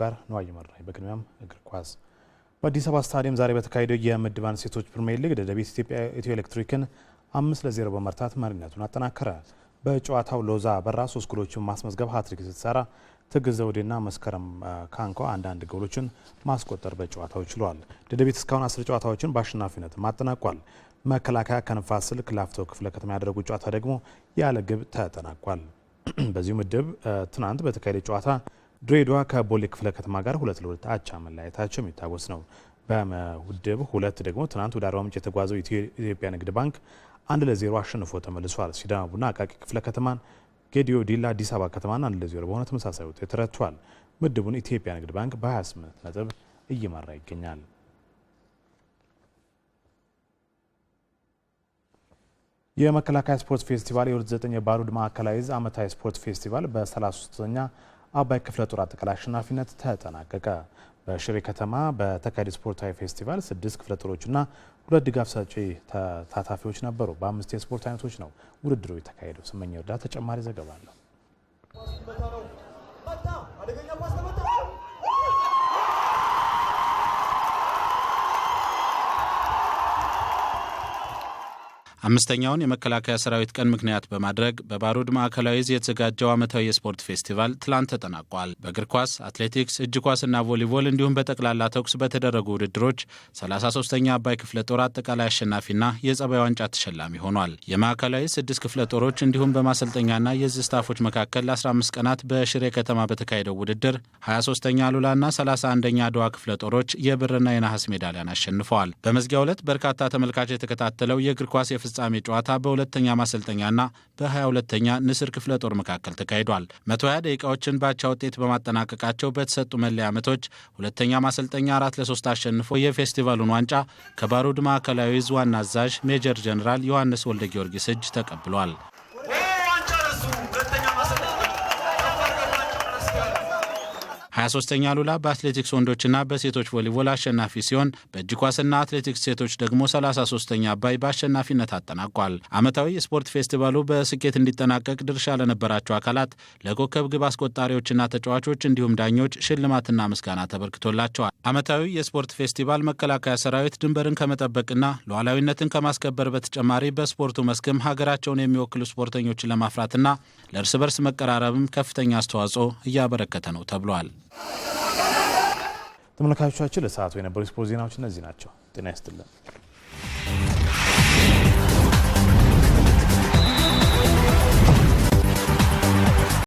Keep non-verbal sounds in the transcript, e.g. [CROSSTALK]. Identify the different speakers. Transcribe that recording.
Speaker 1: ጋር ነዋይ መራኝ። በቅድሚያም እግር ኳስ በአዲስ አበባ ስታዲየም ዛሬ በተካሄደው የምድብ አንድ ሴቶች ፕሪሚየር ሊግ ደደቢት ኢትዮጵያ ኢትዮ ኤሌክትሪክን አምስት ለዜሮ በመርታት መሪነቱን አጠናከረ። በጨዋታው ሎዛ በራ ሶስት ጎሎችን ማስመዝገብ ሀትሪክ ስትሰራ ትግዝ ዘውዴና መስከረም ካንኳ አንዳንድ ጎሎችን ማስቆጠር በጨዋታው ችሏል። ደደቢት እስካሁን አስር ጨዋታዎችን በአሸናፊነትም አጠናቋል። መከላከያ ከንፋስ ስልክ ላፍቶ ክፍለ ከተማ ያደረጉት ጨዋታ ደግሞ ያለ ግብ ተጠናቋል። [CLEARS THROAT] በዚሁ ምድብ ትናንት በተካሄደ ጨዋታ ድሬዳዋ ከቦሌ ክፍለ ከተማ ጋር ሁለት ለሁለት አቻ መለያየታቸው የሚታወስ ነው። በምድብ ሁለት ደግሞ ትናንት ወደ አርባ ምንጭ የተጓዘው ኢትዮጵያ ንግድ ባንክ አንድ ለዜሮ አሸንፎ ተመልሷል። ሲዳማ ቡና አቃቂ ክፍለ ከተማን፣ ጌዲዮ ዲላ አዲስ አበባ ከተማን አንድ ለዜሮ በሆነ ተመሳሳይ ውጤት ረቷል። ምድቡን ኢትዮጵያ ንግድ ባንክ በ28 ነጥብ እየመራ ይገኛል። የመከላከያ ስፖርት ፌስቲቫል የ29 የባሩድ ማዕከላዊ ዕዝ ዓመታዊ ስፖርት ፌስቲቫል በ33ኛ አባይ ክፍለ ጦር አጠቃላይ አሸናፊነት ተጠናቀቀ። በሽሬ ከተማ በተካሄደ ስፖርታዊ ፌስቲቫል ስድስት ክፍለ ጦሮችና ሁለት ድጋፍ ሰጪ ተሳታፊዎች ነበሩ። በአምስት የስፖርት አይነቶች ነው ውድድሩ የተካሄደው። ስመኛ ወዳ ተጨማሪ ዘገባ አለው።
Speaker 2: አምስተኛውን የመከላከያ ሰራዊት ቀን ምክንያት በማድረግ በባሩድ ማዕከላዊ እዝ የተዘጋጀው ዓመታዊ የስፖርት ፌስቲቫል ትላንት ተጠናቋል። በእግር ኳስ፣ አትሌቲክስ፣ እጅ ኳስና ቮሊቦል እንዲሁም በጠቅላላ ተኩስ በተደረጉ ውድድሮች 33ኛ አባይ ክፍለ ጦር አጠቃላይ አሸናፊና የጸባይ ዋንጫ ተሸላሚ ሆኗል። የማዕከላዊ ስድስት ክፍለ ጦሮች እንዲሁም በማሰልጠኛና የዝ ስታፎች መካከል ለ15 ቀናት በሽሬ ከተማ በተካሄደው ውድድር 23ኛ አሉላና 31ኛ አድዋ ክፍለ ጦሮች የብርና የነሐስ ሜዳሊያን አሸንፈዋል። በመዝጊያው ዕለት በርካታ ተመልካች የተከታተለው የእግር ኳስ የፍ ፍጻሜ ጨዋታ በሁለተኛ ማሰልጠኛና በ 22 ተኛ ንስር ክፍለ ጦር መካከል ተካሂዷል። 120 ደቂቃዎችን ባቻ ውጤት በማጠናቀቃቸው በተሰጡ መለያ ምቶች ሁለተኛ ማሰልጠኛ አራት ለሶስት አሸንፎ የፌስቲቫሉን ዋንጫ ከባሩድ ማዕከላዊ ዕዝ ዋና አዛዥ ሜጀር ጀኔራል ዮሐንስ ወልደ ጊዮርጊስ እጅ ተቀብሏል። በ23ኛ ሉላ በአትሌቲክስ ወንዶችና በሴቶች ቮሊቦል አሸናፊ ሲሆን በእጅ ኳስና አትሌቲክስ ሴቶች ደግሞ 33ኛ አባይ በአሸናፊነት አጠናቋል። ዓመታዊ የስፖርት ፌስቲቫሉ በስኬት እንዲጠናቀቅ ድርሻ ለነበራቸው አካላት ለኮከብ ግብ አስቆጣሪዎችና ተጫዋቾች እንዲሁም ዳኞች ሽልማትና ምስጋና ተበርክቶላቸዋል። ዓመታዊ የስፖርት ፌስቲቫል መከላከያ ሰራዊት ድንበርን ከመጠበቅና ሉዓላዊነትን ከማስከበር በተጨማሪ በስፖርቱ መስክም ሀገራቸውን የሚወክሉ ስፖርተኞችን ለማፍራትና ለእርስ በርስ መቀራረብም ከፍተኛ አስተዋጽኦ እያበረከተ ነው ተብሏል።
Speaker 3: ተመልካቾቻችን ለሰዓቱ የነበሩ ስፖርት ዜናዎች እነዚህ ናቸው። ጤና ይስጥልን።